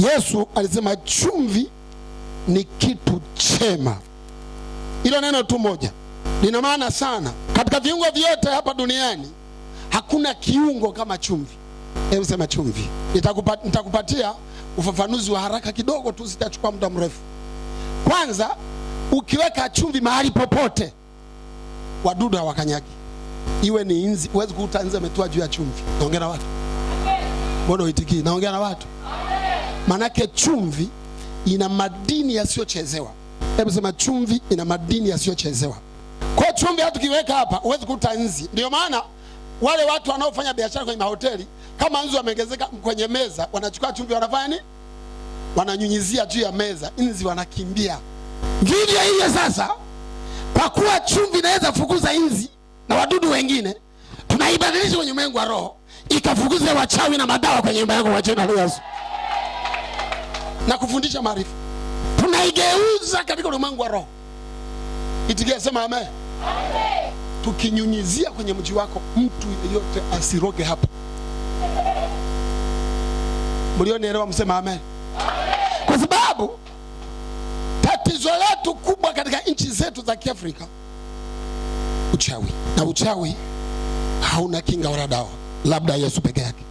Yesu alisema chumvi ni kitu chema. Ilo neno tu moja lina maana sana. Katika viungo vyote hapa duniani hakuna kiungo kama chumvi. Hebu sema chumvi. Nitakupa, nitakupatia ufafanuzi wa haraka kidogo tu, sitachukua muda mrefu. Kwanza, ukiweka chumvi mahali popote wadudu hawakanyagi, iwe ni inzi. Huwezi kukuta inzi ametua juu ya chumvi. Naongea na watu, mbona uitikii? Naongea na watu. Manake chumvi ina madini yasiyochezewa. Hebu sema chumvi ina madini yasiyochezewa. Kwa chumvi hata ukiweka hapa huwezi kuta nzi. Ndio maana wale watu wanaofanya biashara kwenye mahoteli kama nzi wameongezeka kwenye meza, wanachukua chumvi, wanafanya nini? Wananyunyizia juu ya meza, nzi wanakimbia. Vivyo hivyo sasa, kwa kuwa chumvi inaweza fukuza nzi na wadudu wengine, tunaibadilisha kwenye ulimwengu wa roho ikafukuze wachawi na madawa kwenye nyumba yako kwa jina la Yesu na kufundisha maarifa, tunaigeuza katika ulimwengu wa roho. Itikia, sema amen. Tukinyunyizia kwenye mji wako, mtu yeyote asiroge hapa. Mlionielewa msema amen, kwa sababu tatizo letu kubwa katika nchi zetu za Kiafrika uchawi, na uchawi hauna kinga wala dawa, labda Yesu peke yake.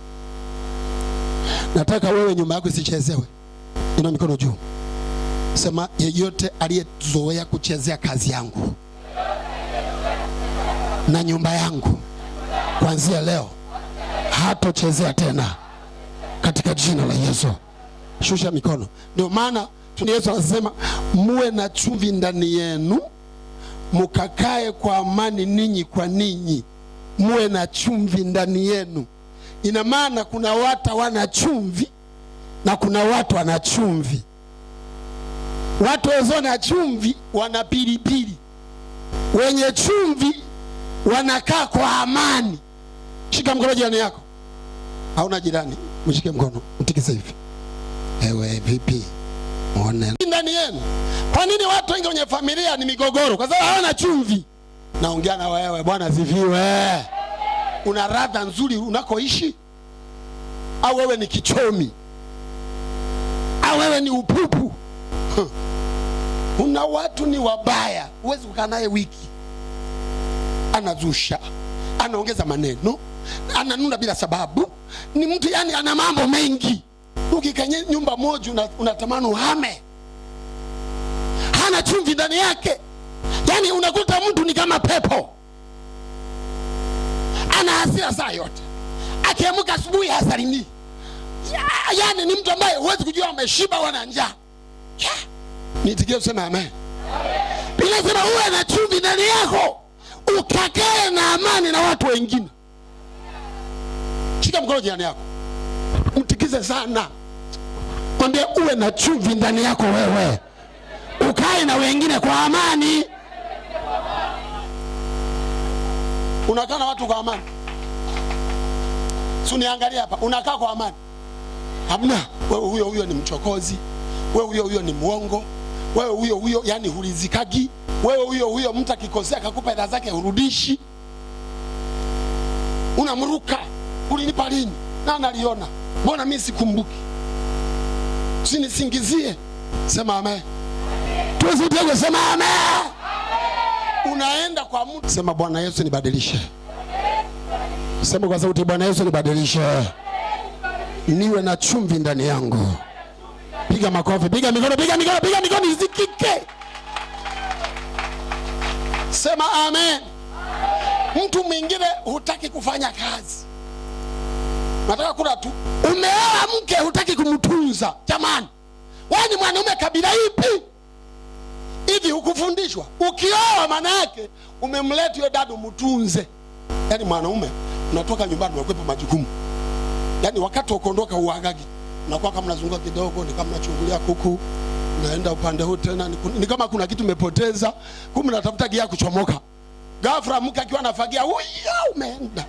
Nataka wewe nyuma yako isichezewe. Inua mikono juu, sema yeyote aliyezoea kuchezea kazi yangu na nyumba yangu, kuanzia leo hatochezea tena katika jina la Yesu. Shusha mikono. Ndio maana Yesu anasema muwe na chumvi ndani yenu, mukakae kwa amani ninyi kwa ninyi. Muwe na chumvi ndani yenu, ina maana kuna watu wana chumvi na kuna watu wana chumvi, watu wazo na chumvi wana pilipili, wenye chumvi wanakaa kwa amani. Shika mkono jirani yako, hauna jirani, mshike mkono, mtikise hivi, ewe vipi, muone ndani yenu. Kwa nini watu wengi wenye familia ni migogoro? Kwa sababu hawana chumvi. Naongea na wewe bwana, ziviwe. Una radha nzuri unakoishi au wewe ni kichomi? ah, wewe ni upupu huh. Una watu ni wabaya, huwezi kukaa naye wiki. Anazusha, anaongeza maneno, ananuna bila sababu, ni mtu yani ana mambo mengi. Ukikenye nyumba moja unatamani una uhame, hana chumvi ndani yake. Yani unakuta mtu ni kama pepo, ana hasira saa yote, akiamka asubuhi hasalimii yeah, ni mtu ambaye huwezi kujua ameshiba njaa Nitikie useme amen. Biblia inasema uwe na chumvi ndani yako ukakae na amani na watu wengine. Shika mkono jirani yako, mtikize sana, uwe na chumvi ndani yako wewe, ukae na wengine kwa amani. Unakaa na watu kwa amani, suniangalia hapa, unakaa kwa amani hamna. Wewe huyo huyo ni mchokozi, wewe huyo huyo ni mwongo, wewe huyo huyo yani hulizikagi, wewe huyo huyo mtu akikosea akakupa hela zake hurudishi, unamruka. Ulinipa lini? Nani aliona? Mbona mimi sikumbuki? Usinisingizie, sema amen. Tuzitegwe, sema amen. Unaenda kwa mtu, sema Bwana Yesu nibadilishe. Sema kwa sauti, Bwana Yesu nibadilishe niwe na chumvi ndani yangu. Piga makofi, piga mikono, piga mikono, piga mikono isikike. Sema amen. Mtu mwingine hutaki kufanya kazi, nataka kula tu. Umeoa mke, hutaki kumtunza. Jamani, wewe ni mwanaume kabila ipi hivi? Hukufundishwa? Ukioa maana yake umemleta yule dada umtunze. Yaani mwanaume unatoka nyumbani unakwepa majukumu Yaani wakati wa kuondoka uagagi. Unakuwa kama mnazunguka kidogo, ni kama mnachungulia kuku, naenda upande huu tena, ni kama kuna kitu umepoteza, kumbe natafuta gia kuchomoka. Ghafla mke akiwa anafagia, huyo umeenda.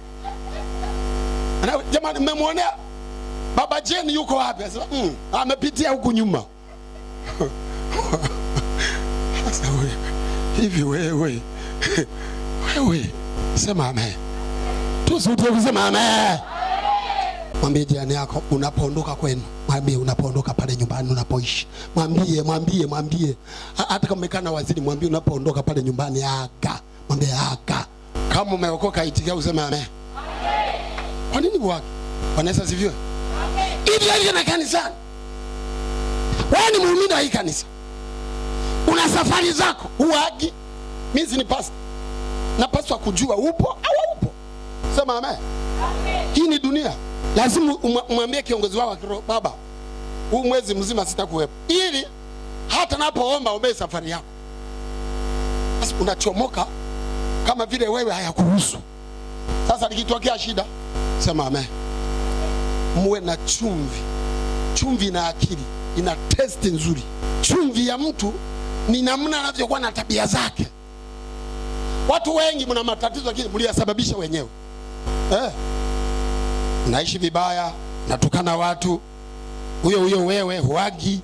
Ana jamani, mmemwonea baba Jeni yuko wapi? Sasa mm, amepitia huku nyuma. Sasa wewe hivi wewe wewe, sema amen. Tusudie kusema amen. Mwambie jirani yako unapoondoka kwenu, mwambie unapoondoka pale nyumbani unapoishi, mwambie, mwambie, mwambie. Hata kama umekaa na waziri, mwambie unapoondoka pale nyumbani, aka mwambie aka. Kama umeokoka, itikia useme amen. Kwa nini wake wanaweza sivyo hivyo hivyo na kanisa. Wewe ni muumini wa hii kanisa, una safari zako, huagi. Mimi ni pastor, napaswa kujua upo au upo. Sema amen. Hii ni dunia lazima umwambie kiongozi wao wa kiroho, baba, huu mwezi mzima sitakuwepo, ili hata napoomba ombee safari yako. Basi unachomoka kama vile wewe hayakuhusu. Sasa nikitokea shida, sema amen. Muwe na chumvi. Chumvi na akili ina testi nzuri. Chumvi ya mtu ni namna anavyokuwa na tabia zake. Watu wengi mna matatizo, lakini mliyasababisha wenyewe eh naishi vibaya, natukana watu, huyo huyo wewe huagi,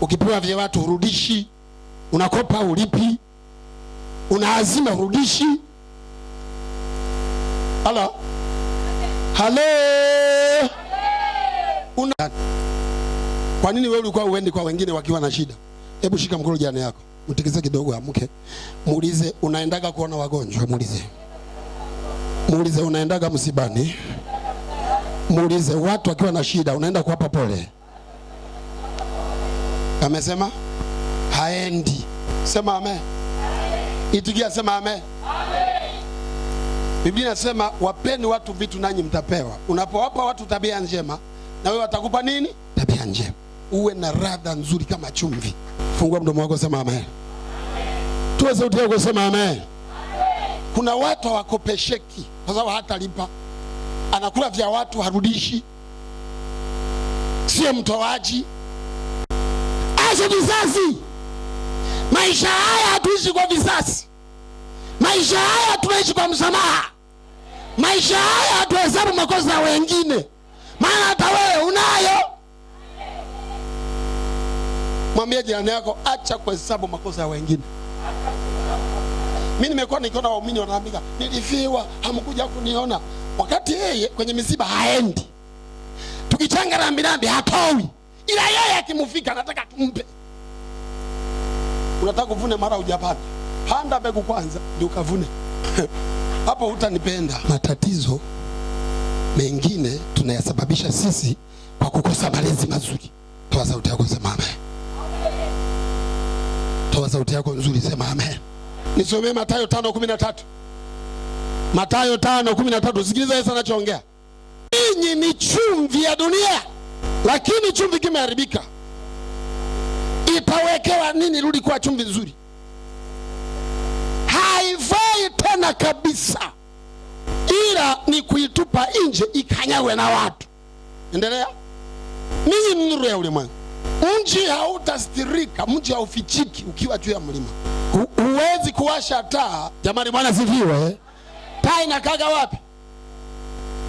ukipewa vya watu hurudishi, unakopa ulipi, unaazima hurudishi. Halo, halo, una kwa nini wewe ulikuwa uendi kwa wengine wakiwa na shida? Hebu shika mkono jirani yako, mtikize kidogo, amke, muulize unaendaga kuona wagonjwa, muulize muulize unaendaga msibani muulize watu akiwa na shida unaenda kuwapa pole? Amesema haendi. Sema ame. Itikia sema ame. Biblia inasema wapeni watu vitu nanyi mtapewa. Unapowapa watu tabia njema, na wewe watakupa nini? Tabia njema. Uwe na radha nzuri kama chumvi. Fungua mdomo wako, sema ame. Tuwe sauti yako, sema ame. Kuna watu hawakopesheki kwa sababu hatalipa anakula vya watu harudishi, sio mtoaji. Acha vizazi. Maisha haya hatuishi kwa vizazi maisha haya tunaishi kwa msamaha, maisha haya hatuhesabu makosa ya wengine, maana hata wewe unayo. Mwambie jirani yako, acha kuhesabu makosa ya wengine. Mimi nimekuwa nikiona waumini wanaambika nilifiwa, hamkuja kuniona, wakati yeye kwenye misiba haendi. Tukichanga rambirambi hatowi, ila yeye akimfika anataka tumpe. Unataka kuvune mara hujapanda, panda mbegu kwanza ndio ukavune. Hapo hutanipenda. Matatizo mengine tunayasababisha sisi kwa kukosa malezi mazuri. Toa sauti yako, sema amen. Toa sauti yako nzuri, sema amen. Nisomee Mathayo tano kumi na tatu. Mathayo tano kumi na tatu. Sikiliza Yesu anachoongea. Ninyi ni chumvi ya dunia, lakini chumvi kimeharibika, itawekewa nini rudi kuwa chumvi nzuri? Haifai tena kabisa, ila ni kuitupa nje ikanyagwe na watu. Endelea. Ninyi ni nuru ya ulimwengu. Mji hautastirika mji haufichiki ukiwa juu ya mlima. Huwezi kuwasha taa. Jamani, Bwana sifiwe. Taa inakaga wapi?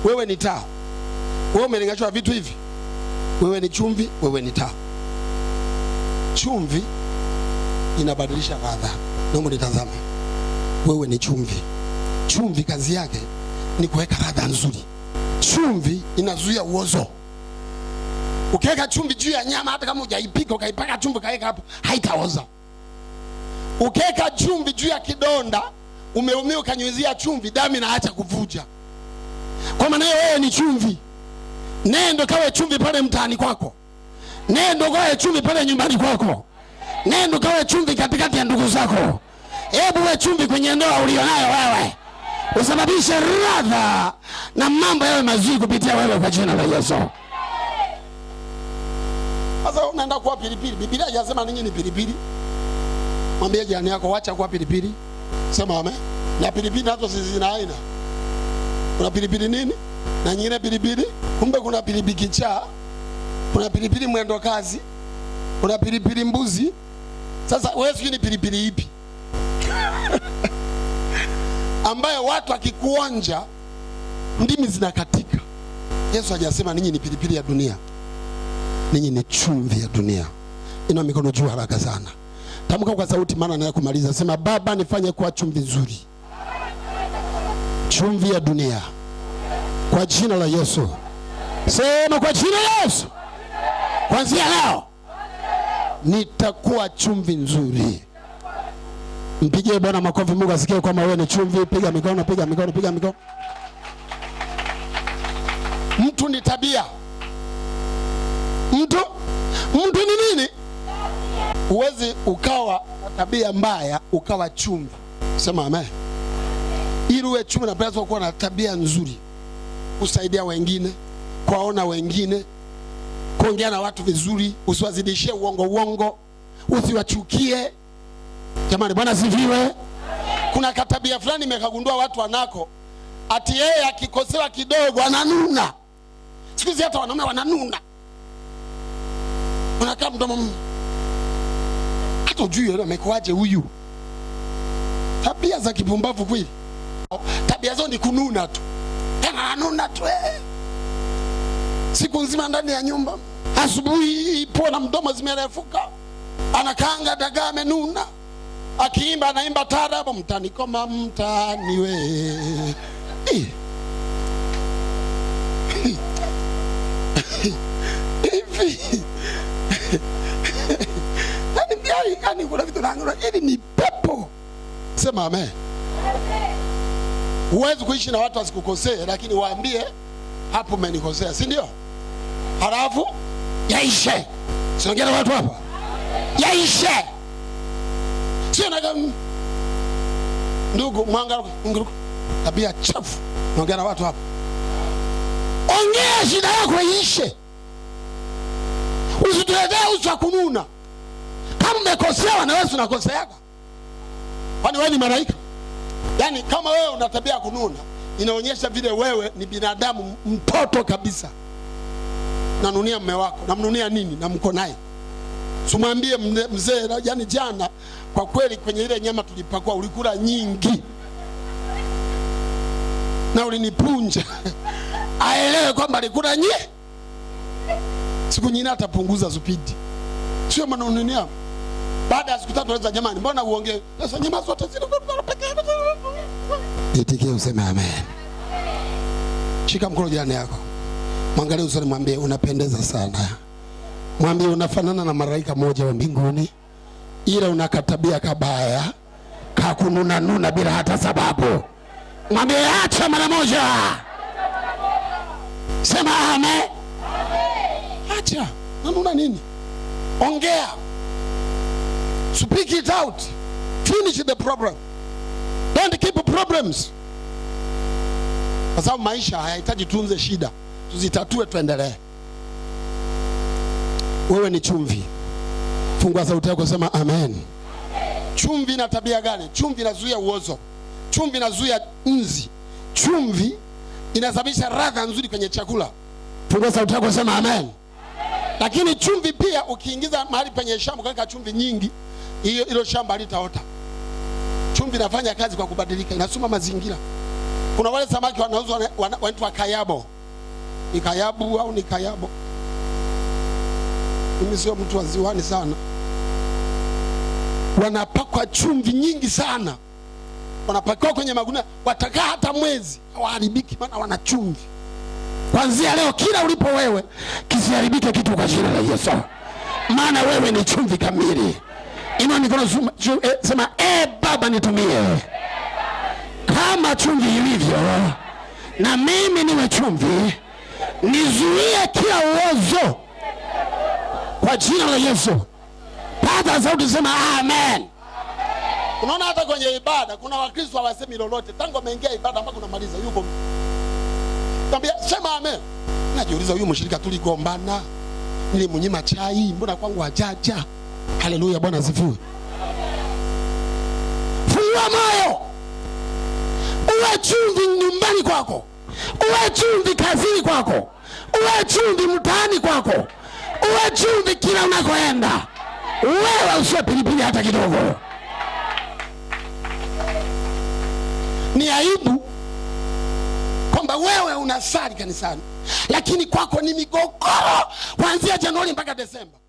Wewe ni taa. Wewe umelingashwa vitu hivi. Wewe ni chumvi, wewe ni taa. Chumvi inabadilisha ladha. Naomba nitazame. Wewe ni chumvi. Chumvi kazi yake ni kuweka ladha nzuri. Chumvi inazuia uozo. Ukiweka chumvi juu ya nyama, hata kama hujaipika ukaipaka chumvi kaweka hapo, haitaoza. Ukiweka chumvi juu ya kidonda, umeumia ukanyunyizia chumvi, damu inaacha kuvuja. Kwa maana hiyo, wewe ni chumvi. Nendo kawe chumvi pale mtaani kwako, nendo kawe chumvi pale nyumbani kwako, nendo kawe chumvi katikati ya ndugu zako. Hebu we chumvi kwenye ndoa ulionayo wewe, usababishe radha na mambo yawe mazuri kupitia wewe, kwa jina la Yesu. Sasa unaenda kuwa pilipili. Biblia inasema ninyi ni pilipili. Mwambie jirani yako wacha kuwa pilipili. Sema amen. Na pilipili nazo zina aina. Kuna pilipili nini? Na nyingine pilipili. Kumbe kuna pilipili kichaa. Kuna pilipili mwendo kazi. Kuna pilipili mbuzi. Sasa wewe sijui ni pilipili ipi? ambaye watu akikuonja ndimi zinakatika. Yesu hajasema ninyi ni pilipili ya dunia ninyi ni chumvi ya dunia. ina mikono juu haraka sana, tamka kwa sauti, maana naye kumaliza. Sema, Baba nifanye kuwa chumvi nzuri, chumvi ya dunia, kwa jina la Yesu. Sema, kwa jina la Yesu, kwanzia leo nitakuwa chumvi nzuri. Mpigie Bwana makofi, Mungu asikie kwamba wewe ni chumvi. Piga mikono, piga mikono, piga mikono. Mtu ni tabia mtu mtu ni nini? Huwezi ukawa tabia mbaya ukawa chumvi. Sema amen. Ili uwe chumvi, napaswa kuwa na tabia nzuri, kusaidia wengine, kuwaona wengine, kuongea na watu vizuri, usiwazidishie uongo uongo, usiwachukie. Jamani, Bwana sifiwe. Kuna katabia fulani imekagundua watu wanako, ati yeye akikosewa kidogo ananuna. Siku hizi hata wanaume wananuna unakaa mdomo hata ujui amekuaje huyu. Tabia za kipumbavu kweli, tabia zao ni kununa tu, ananuna tu eh, siku nzima ndani ya nyumba. Asubuhi ipo na mdomo zimerefuka, anakanga dagaa amenuna, akiimba anaimba taarabu, mtani mtani we eh. Eh. hivi yani pia yani kuna vitu naangalia ili yaani ni pepo. Sema amen. Huwezi kuishi na watu wasikukosee, lakini waambie hapo umenikosea, si ndio? Halafu yaishe. Sinaongea na watu hapa, yaishe. Sio na ndugu mwanga nguru tabia chafu. Naongea na watu hapa, ongea shida yako ishe. Usituletee uzi wa kununa. Kama umekosewa na wewe unakoseaga, kwani wewe ni malaika? Yaani kama wewe una tabia ya kununa, inaonyesha vile wewe ni binadamu mtoto kabisa. Nanunia mme wako, namnunia nini? Na mko naye Simwambie mzee, yani jana kwa kweli kwenye ile nyama tulipakua ulikula nyingi na ulinipunja. Aelewe kwamba alikula nyingi siku nyingine atapunguza zupidi, sio maneno. Baada ya siku tatu anaweza jamani, mbona uongee sasa? Nyama zote peke itikie useme amen. Shika mkono jirani yako, mwangalie usoni, mwambie unapendeza sana, mwambie unafanana na malaika moja wa mbinguni, ila unakatabia kabaya kakununa nuna bila hata sababu. Mwambie acha mara moja, sema amen acha, nanuna nini? Ongea, speak it out, finish the problem, don't keep problems, kwa sababu maisha hayahitaji tuunze shida, tuzitatue, tuendelee. Wewe ni chumvi. Fungua sauti yako, sema amen. Chumvi na tabia gani? Chumvi inazuia uozo, chumvi inazuia nzi, chumvi inasababisha radha nzuri kwenye chakula. Fungua sauti yako, sema amen. Lakini chumvi pia ukiingiza mahali penye shamba ukaweka chumvi nyingi, hiyo ilo shamba litaota. Chumvi inafanya kazi kwa kubadilika, inasoma mazingira. Kuna wale samaki wanauzwa wanaitwa kayabo, ni kayabu au ni kayabo. Mimi sio mtu wa ziwani sana. Wanapakwa chumvi nyingi sana, wanapakiwa kwenye magunia, watakaa hata mwezi hawaharibiki, maana wana chumvi. Kwanzia leo kila ulipo wewe kisiharibike kitu kwa jina la Yesu, maana wewe ni chumvi kamili. Inua mikono e, sema e, Baba nitumie kama chumvi ilivyo, na mimi niwe chumvi, nizuie kila uozo kwa jina la Yesu. Pata sauti, sema amen. Unaona, hata kwenye ibada kuna Wakristo hawasemi lolote tangu ameingia ibada mpaka unamaliza yuko Tambia sema amen. Najiuliza, huyu mshirika tuligombana, nilimnyima chai, mbona kwangu ajaja? Haleluya, Bwana zifue. Fuwa moyo, uwe chumvi nyumbani kwako, uwe chumvi kazini kwako, uwe chumvi mtaani kwako, uwe chumvi kila unakoenda. Wewe usiwe pilipili hata kidogo, ni aibu kwamba wewe unasali kanisani, lakini kwako ni migogoro kuanzia Januari mpaka Desemba.